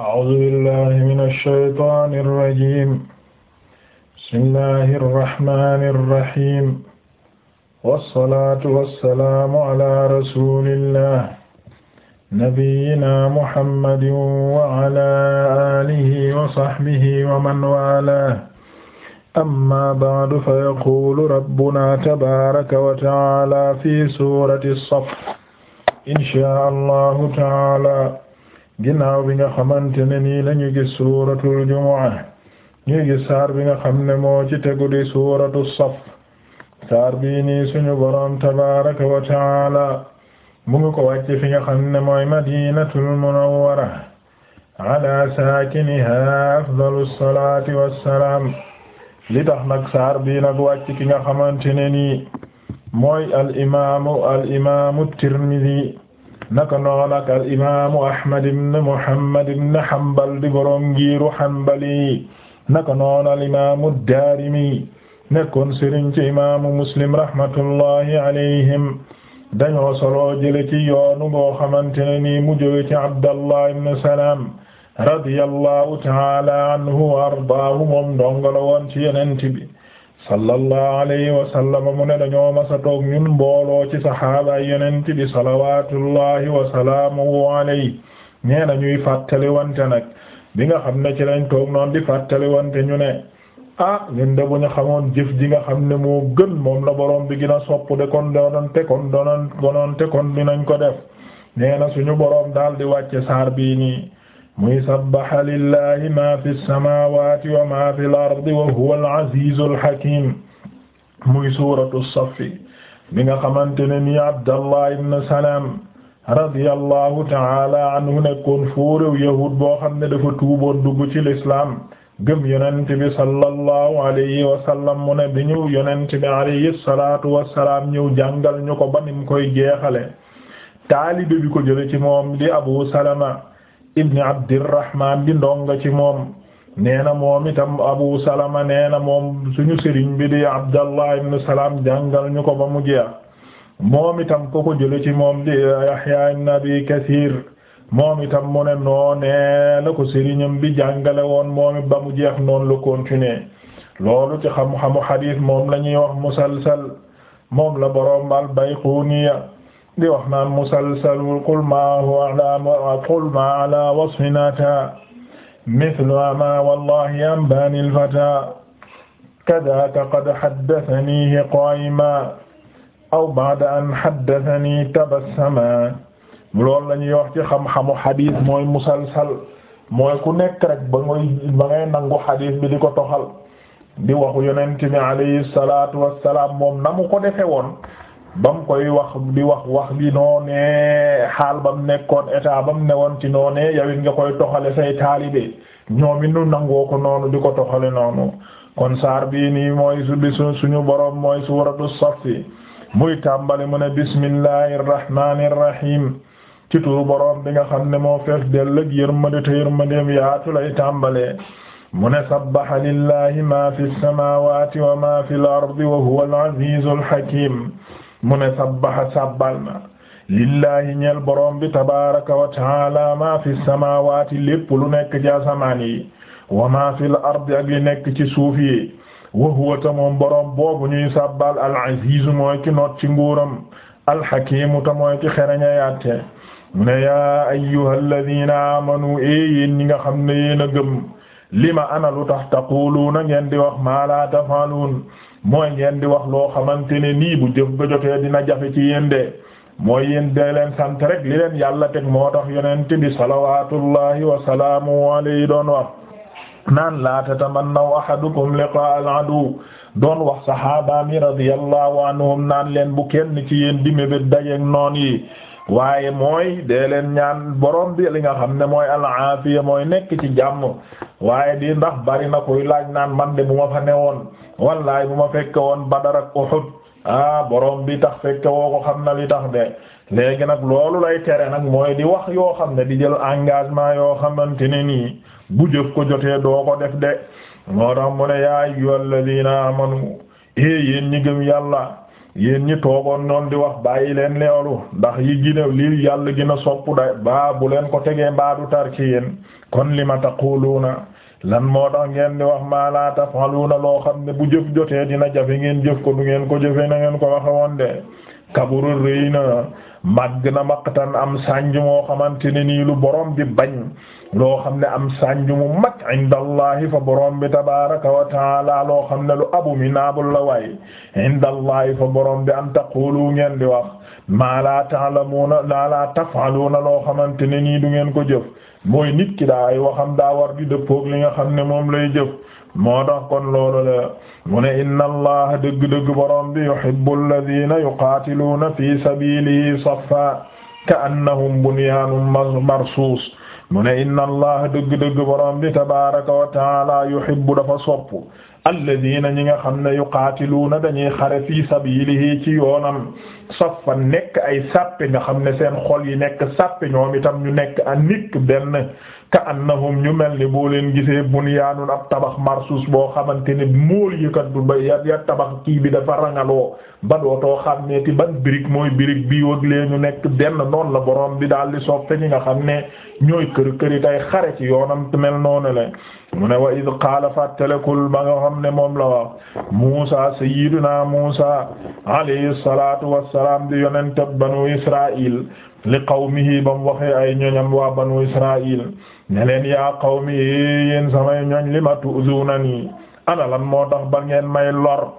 أعوذ بالله من الشيطان الرجيم بسم الله الرحمن الرحيم والصلاة والسلام على رسول الله نبينا محمد وعلى آله وصحبه ومن والاه أما بعد فيقول ربنا تبارك وتعالى في سورة الصف إن شاء الله تعالى ginnaaw bi nga xamante ne nii lañu gis suuratul jumu'a ñu gis saar bi nga xam ne moo ci tegu di suuratu saf saar bii nii suñu boroom tabaaraka wa ta'aala mu ngi ko wàcce fi nga xam ne mooy madinatul munawwara ala saakinihaa afdalu salaati wassalaam li tax nag saar bii nag wàcc ki nga xamante ne nii mooy al imaamu al imaamu naka noonu ak al imaamu Ahmad ibn Muhammad ibn Hanbal di borom ngiiru Hanbali naka noonu al imaamu Daarimi nekkoon sëriñ ci imaamu Muslim rahmatullahi alayhim dañoo solo jële ci yoonu boo xamante ne nii Abdallah ibn Salaam radiyallahu ta'ala anhu wa ardaahu moom ndongo la woon sallallahu alayhi wa sallam mu ne dañoo masa toog ñun mbooloo ci saxaaba yonent bi salawatullahi wa salaamuhu alayhi nee na ñuy fàttali wante nag bi nga xam ne ci lañ toog noon di fàttali wante ñu ne ah ñun de bu ñu xamoon jëf ji nga xam ne moo gën moom la borom bi gën a sopp de kon doonante kon doonante kon dinañ ko def nee na suñu borom daal di wàcce saar bii nii muy sabbaha lillahi ma fi samawati wa ma fi l ardi wa huwa al-azizu al-hakim muy suratu safi bi nga xamante ne nii abdallah ibn salam radiyallahu taala anhu nekkoon foo réew boo xam ne dafa tuuboon dugg ci lislaam gëm yonent bi sallallahu alayhi wa sallam mu ne bi ñëw yonent bi alayhi salatu wasalaam ñëw jàngal ñu ko ba nim koy jeexale taalibe bi ko jële ci moom di abu salama ibni abdirrahman di ndonga ci moom nee na moom itam abu salama nee moom suñu sëriñ bi di abdallah ibn salam jàngal ñu ko ba mu jeex moom itam ko ko ci moom di eh, yahya ibn abi kathir moom itam mu ne noonee la ko sëriñam bi jàngale woon moom it ba mu jeex noonu la continuer loolu ci xam-xamu xadiis moom la ñuy wax musalsal moom la boroom al bayquniya di wax naan musalsal qul ma huwa ala qul ma ala wasfina ta mithlu ama wallahi anbani alfata kadaka qad haddathanihi qaa'ima aw ba'da an haddathani tabassama loolu la ñuy wax ci xam-xamu xadis mooy musalsal mooy ku nekk rek ba ngay ba ngay nangu xadis bi di ko toxal di waxu yonent bi alayhi salaatu wassalaam moom na mu ko defe woon ba mu koy wax di wax wax bi noonee xaal ba mu nekkoon état ba mu newoon ci noonee yawit nga koy toxale say taalibe ñoom it nu nangoo ko noonu di ko toxale noonu kon saar bii nii mooy su di suñu boroom mooy suuratu safi muy tàmbali mu ne bismillahir rahmanir rahim ci turu boroom bi nga xam ne moo fees dell ak yërmande yaatu lay tàmbalee mu ne lillahi ma fi samawati wa ma fil ardi wa huwa al azizul mu ne sabbaha sabbal na lillahi ñeel borom bi tabaraka wa taala maa fi samawati lépp lu nekk ci asamaan yi wa maa fi l ardi ak li nekk ci suuf yi wa huwa ta moom borom boobu ñuy sabbal al aziz mooy ki noot ci nguuram al hakimu ta mooy ki xereña yatte mu ne yaa ayyuhal ladina amanu e yéen ñi nga xam ne yéen a gëm lima ana lu tax taquluuna ngeen di wax maa la tafaaluun mooy ngeen di wax loo xamante ne nii bu jëf ba jotee dina jafe ci yéen de mooy yéen de leen sant rek li leen yàlla teg moo tax yonent bi salawaatullahi wa salaamu alayhi doon wax naan la tatamannaw ahadukum liqaa al adu doon wax sahaaba mi radiyallahu anhum naan leen bu kenn ci yéen di mébét dajeek noon yi waaye mooy dee leen ñaan borom bi li nga xam ne mooy alaafiya mooy nekk ci jàmm waaye di ndax bari na koy laaj naan man de bu ma fa newoon wallaay bu ma fekke woon ba dara Uhud ah borom bi tax fekke woo ko xam na li tax de léegi nag loolu lay tere nag mooy di wax yoo xam ne di jël engagement yoo xamante ne nii bu jëf ko jotee doo ko def de moo tax mu ne yaa ayyuhal ladina amanu eh yéen ñi gëm yàlla yéen ñi toogoon noon di wax bàyyi leen leelu ndax yi gina li yàlla gina sopp da baa bu leen ko tegee mbaa du tar ci yéen kon li ma taquluuna lan moo tax ngeen di wax maa laa tafaluuna loo xam ne bu jëf jotee dina jafe ngeen jëf ko du ngeen ko jëfe na ngeen ko waxe woon de kabura rëy na màgg na maqtan am sànj moo xamante ne nii lu borom bi bañ loo xam ne am sànj mu mag indallahi fa borom bi tabaraka wa taala loo xam ne lu abu mi naabul la waay indallahi fa borom bi an taqulu ngeen di wax maa la ta'lamuna la la taf'aluna loo xamante ne nii du ngeen ko jëf mooy nit ki daa ay waxam daa war di dëppook li nga xam ne moom lay jëf moo tax kon loolu la mu ne inna allaha dëgg-dëgg borom bi yuhibbu alladhina yuqaatiluuna fi sabilihi saffa ka'annahum bunyaanun marsuus mu ne inna allaha dëgg-dëgg borom bi tabaaraka wa ta'aala yuhibbu dafa sopp alladina ñi nga xam ne yuqaatiluuna dañuy xare fii sabilihi ci yoonam saffa nekk ay sàppe nga xam ne seen xol yi nekk sàppe ñoom itam ñu nekk a nikk benn ka annahum ñu mel ni boo leen gisee bunyaanun ab tabax marsus boo xamante ne mool yëkkat bu ba ya ya tabax kii bi dafa rangaloo ba dootoo xam ne ti ban birig mooy birig bi wëg lee nekk benn noonu la borom bi daal di soppe ñi nga xam ne ñooy kër kër yi tay xare ci yoonam mel noonu la mu ne wa id qaala fattalekul ba nga xam ne moom la wax Muusa sayyiduna Muusa alayhi salaatu wassalaam di yonente banu Israil li qawmihi ba mu waxee ay ñoñam waa banu israil ne leen yaa qawmi yéen samay ñoñ li ma tu'zunani ana lan moo tax ba ngeen may lor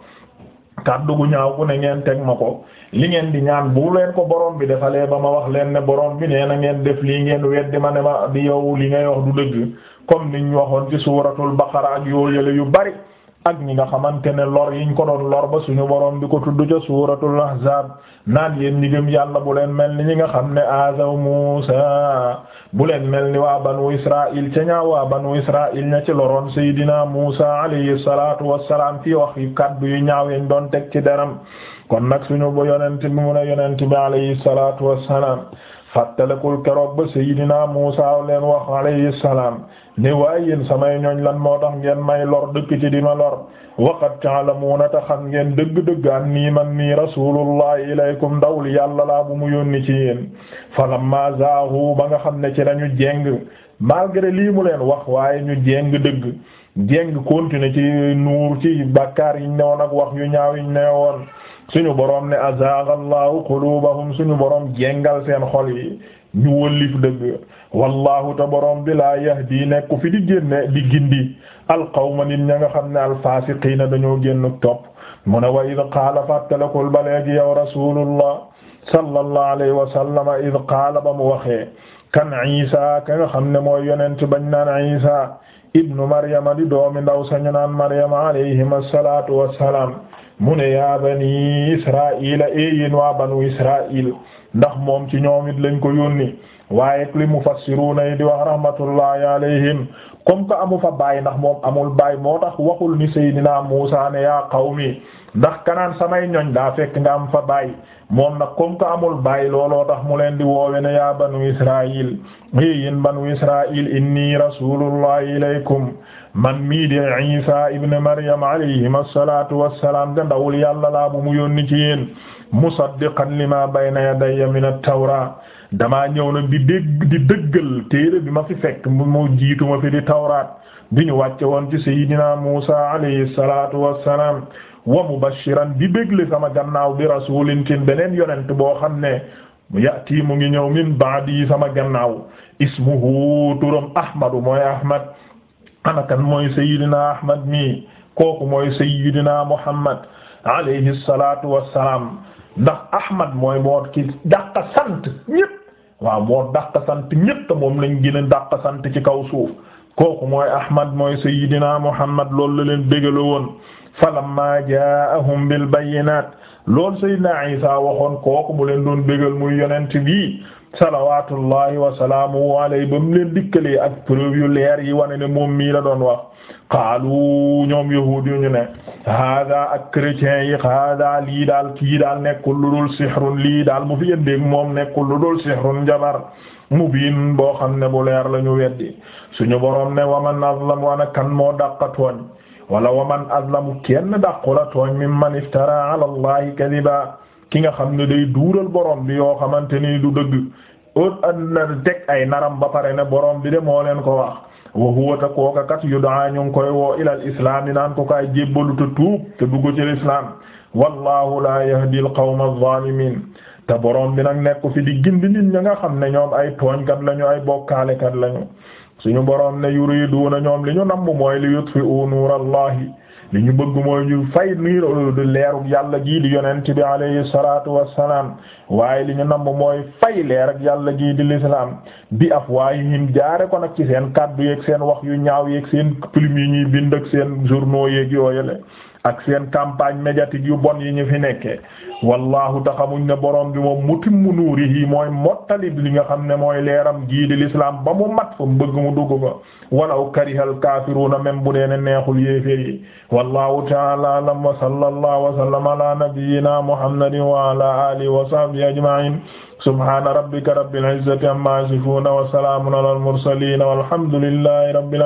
kàddu gu ñaaw ku ne ngeen teg ma ko li ngeen di ñaan bu leen ko borom bi defalee ba ma wax leen ne borom bi nee na ngeen def lii ngeen weddi ma ne ma di yow li ngay wax du dëgg comme niñ waxoon ci suuratul baqara ak yoo yële yu bari ak ñi nga xamante ne lor yiñ ko doon lor ba suñu borom bi ko tudd ca suuratul ahzaab naan yéen ñi gëm yàlla bu leen mel ni ñi nga xam ne azaw Muusa bu leen mel ni waa banu Israa'il ca ñaaw waa banu Israa'il ña ci loroon Seydina Muusa alayhi salaatu wassalaam fii wax yi kaddu yu ñaaw yañ doon teg ci deram kon nag suñu bu yonent bi mu ne yonent bi alayhi salaatu wassalaam fàttalekul keroog ba Seydina Muusaa leen wax alayhi salaam ne waaye yéen samay ñooñ lan moo tax ngeen may lor dëkk ci di ma lor waqad ta'lamuuna ta xam ngeen dëgg-dëgg an nii man nii rasuulullahi ilaykum ndaw li yàlla laa bu mu yónni ci yéen falammaa zaahu ba nga xam ne ci lañu jéng malgré lii mu leen wax waaye ñu jéng dëgg jéng continuer ci nuur ci bàkkaar yiñ ne woon ak wax yu ñaaw yiñ ne woon suñu borom ne azaaga allahu qulubahum suñu borom jengal seen xol yi ñu wëllif dëgg wallahu te borom bi laa yahdi nekku fi di génne di gindi alqawma nit ña nga xam ne alfaasiqiina dañoo génn topp mu ne wa id qaala fàttalakul ba léegi la rasulullah sallallahu alayhi wa sallama id qaala ba mu waxee kan isa ka nga xam ne mooy yonent bañ naan isa ibnu maryama di doomi ndaw sañu naan maryama mu ne yaa bani israila eh, yéen waa banu israil ndax moom ci ñoom it lañ ko yónni waaye li mufassiruna yi di wax rahmatullahi alayhim comme que amu fa baay ndax moom amul baay moo tax waxul ni Seydina Muusa ne yaa qawmi ndax kanaan samay ñoñ daa fekk nga am fa baay moom nag comme que amul baay looloo tax mu leen di woowe ne yaa banu israil eh, yéen banu israil inni rasulullahi ilaykum man mii a Isa ibn Maryam alayhim assalatu wassalam da ndawul yàlla laa bu mu yónni ci yéen musaddiqan lima bayna yadayya min at-tawra dama ñëw nag di dégg di dëggal téere bi ma fi fekk mu jiitu ma fi di tawraat bi ñu wàcce woon ci sayidina Musa alayhi salatu wassalam wa mubashiran di bégle sama gannaaw bi rasulin ci beneen yonent boo xam ne yati mu ngi ñëw min baadi sama gannaaw ismuhu turam ahmadu mooy ahmad ana mooy sayyidina Ahmad mi kooku mooy sayyidina Muhammad alayhi salatu wassalam ndax Ahmad mooy moo ki dàq sant ñépp waaw moo dàq sant ñépp te moom lañ gën a dàq sant ci kaw suuf kooku mooy Ahmad mooy sayyidina Muhammad loolu la leen béggala woon falamma jaa'ahum bil bayyinaat loolu sayyidina Isa waxoon kooku mu leen doon bégal muy yonent bi salawaatullahi wa salaamuhu alayhi ba mu leen dikkalee ak preuve yu leer yi wane ne moom mii la doon wax qaalu ñoom yahuud ñu ne hada ak chrétiens yi hada lii daal kii daal nekkul lu dul sihrun lii daal mu fi yëndéeg moom nekkul lu dul jabar mu mubiin boo xam ne bu leer la ñu weddi suñu boroom ne waman azlam wana kan moo dàqa tooñ wala waman azlamu kenn dàqula tooñ mimman iftara ala allahi kadiba ki nga xam ne day duural boroom bi yoo xamante ni du dëgg ot na teg ay naram ba pare ne borom bi de moo leen ko wax wa huwa ta kooka kat yudaa ñu ngi koy woo ilal islam yi naan ko kaay jébbalu te tuub te dugg ci l'islam wallahu la yahdi al qawma adh te borom bi nag nekk fi di gindi nit ña nga xam ne ñoom ay tooñkat lañu ay bokkaalekat lañu suñu borom ne na ñoom li ñu namb mooy li yutfi'u nuurallahi li ñu bëgg mooy ñu fay leeru leerug yàlla gii di yonent bi alayhi salaatu wassalaam waaye li ñu namb mooy fay leer ak yàlla gii di lislaam bi afwaahihim jaare ko nag ci seen kàddu yeeg seen wax yu ñaaw yeeg seen plume yi ñuy bind ak seen journaux yeeg yooyale ak seen campagne médiatique yu bon yi ñu fi nekkee wallahu taxamuñ ne borom bi moom mutimmu nuurihi mooy mottalib li nga xam ne mooy leeram gii di l'islam ba mu mat fa mu bëgg mu dugg fa walaw karihal kaafiruuna même bu dee ne neexul yéeféer yi wallahu ta'ala alam wa sallallahu wa sallama ala nabiyyina muhammadin wa ala alihi wa sahbihi ajma'in subhana rabbika rabbil izzati amma yasifun wa salamun alal mursalin walhamdulillahi rabbil